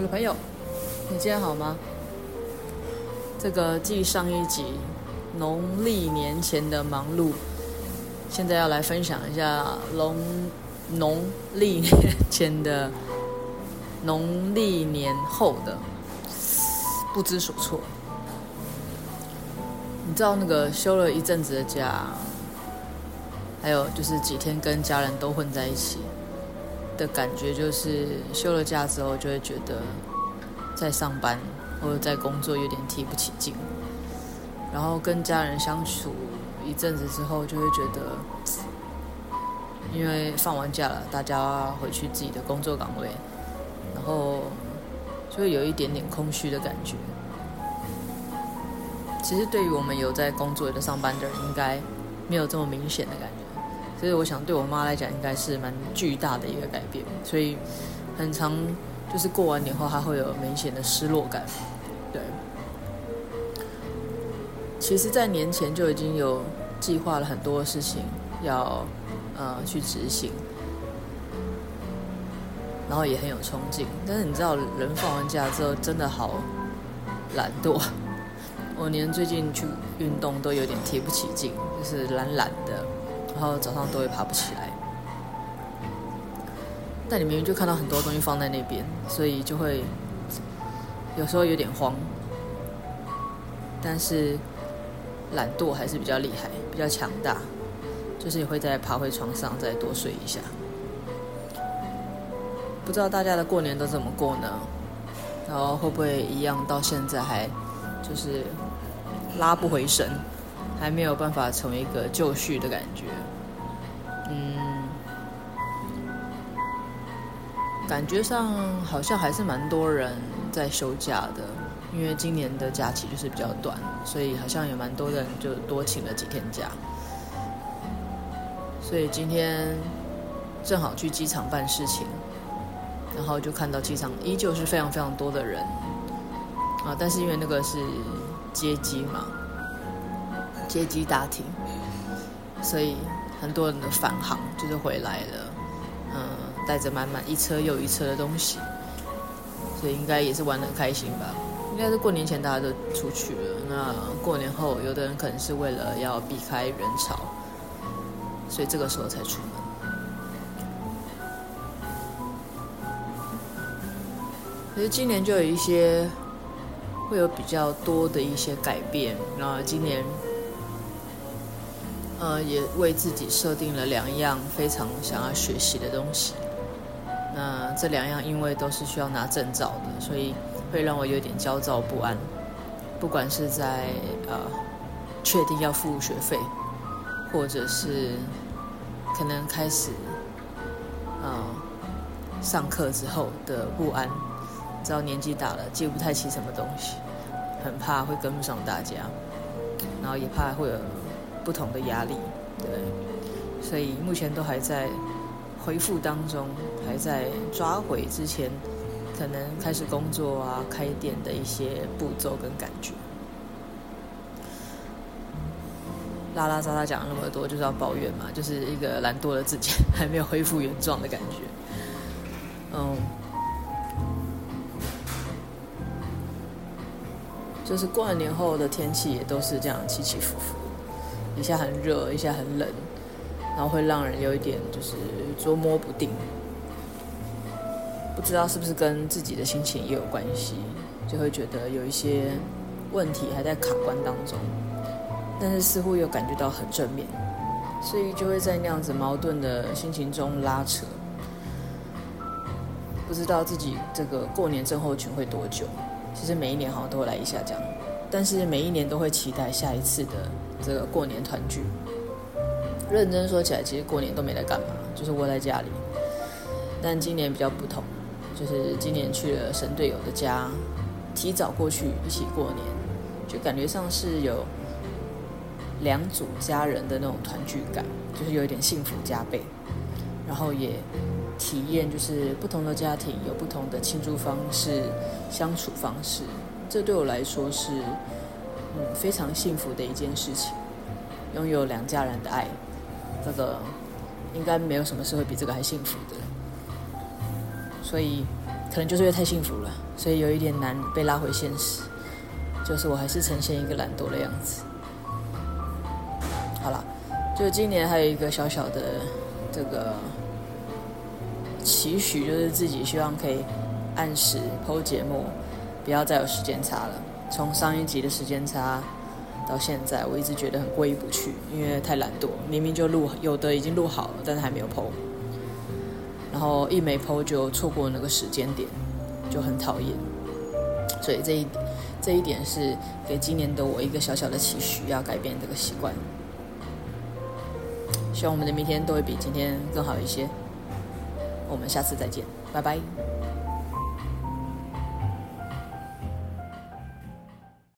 我的朋友，你今天好嗎？這個繼上一集農曆年前的忙碌，現在要來分享一下農農曆年前的農曆年後的不知所措。你知道那個休了一陣子的假，還有就是幾天跟家人都混在一起。的感覺就是休了假之後，就會覺得在上班或者在工作有點提不起勁，然後跟家人相處一陣子之後，就會覺得，因為放完假了，大家回去自己的工作崗位，然後就會有一點點空虛的感覺。其實對於我們有在工作的上班的人，應該沒有這麼明顯的感覺。所以我想，對我媽來講，應該是蠻巨大的一個改變。所以，很常就是過完年後，她會有明顯的失落感。對，其實，在年前就已經有計劃了很多事情要呃去執行，然後也很有衝勁。但是你知道，人放完假之後，真的好懶惰。我連最近去運動都有點提不起勁，就是懶懶的。然後早上都會爬不起來，但你明明就看到很多東西放在那邊，所以就會有時候有點慌。但是懶惰還是比較厲害，比較強大，就是你會再爬回床上再多睡一下。不知道大家的過年都怎麼過呢？然後會不會一樣到現在還就是拉不回神？還沒有辦法成為一個就緒的感覺，嗯，感覺上好像還是蠻多人在休假的，因為今年的假期就是比較短，所以好像也蠻多人就多請了幾天假，所以今天正好去機場辦事情，然後就看到機場依舊是非常非常多的人，啊，但是因為那個是接機嘛。接機大廳，所以很多人的返航就是回來了，嗯，帶着滿滿一車又一車的東西，所以應該也是玩得很開心吧。應該是過年前大家都出去了，那過年後，有的人可能是為了要避開人潮，所以這個時候才出門。其實今年就有一些會有比較多的一些改變，然後今年。呃，也為自己設定了兩樣非常想要學習的東西。那、呃、這兩樣因為都是需要拿證照的，所以會讓我有點焦躁不安。不管是在呃確定要付學費，或者是可能開始呃上課之後的不安，知道年紀大了記不太起什麼東西，很怕會跟不上大家，然後也怕會有。不同的壓力，對，所以目前都還在恢復當中，還在抓回之前可能開始工作啊、開店的一些步驟跟感覺。拉拉雜雜講了那麼多，就是要抱怨嘛，就是一個懶惰的自己還沒有恢復原狀的感覺。嗯，就是過完年後的天氣也都是這樣起起伏伏。一下很熱，一下很冷，然後會讓人有一點就是捉摸不定，不知道是不是跟自己的心情也有關係，就會覺得有一些問題還在卡關當中，但是似乎又感覺到很正面，所以就會在那樣子矛盾的心情中拉扯，不知道自己這個過年症候群會多久。其實每一年好像都會來一下這樣，但是每一年都會期待下一次的。這個過年團聚，認真說起來，其實過年都沒得幹嘛，就是窩在家裡。但今年比較不同，就是今年去了神隊友的家，提早過去一起過年，就感覺上是有兩組家人的那種團聚感，就是有一點幸福加倍。然後也體驗就是不同的家庭有不同的慶祝方式，相處方式，這對我來說是。嗯，非常幸福的一件事情，擁有兩家人的愛，這個應該沒有什麼事會比這個還幸福的。所以可能就是因為太幸福了，所以有一點難被拉回現實，就是我還是呈現一個懶惰的樣子。好了，就今年還有一個小小的這個期許，就是自己希望可以按時 PO 節目，不要再有時間差了。從上一集的時間差到現在，我一直覺得很過意不去，因為太懶惰，明明就錄，有的已經錄好了，但是還沒有 PO，然後一沒 PO 就錯過那個時間點，就很討厭。所以這一這一點是給今年的我一個小小的期許，要改變這個習慣。希望我們的明天都會比今天更好一些。我們下次再見，拜拜。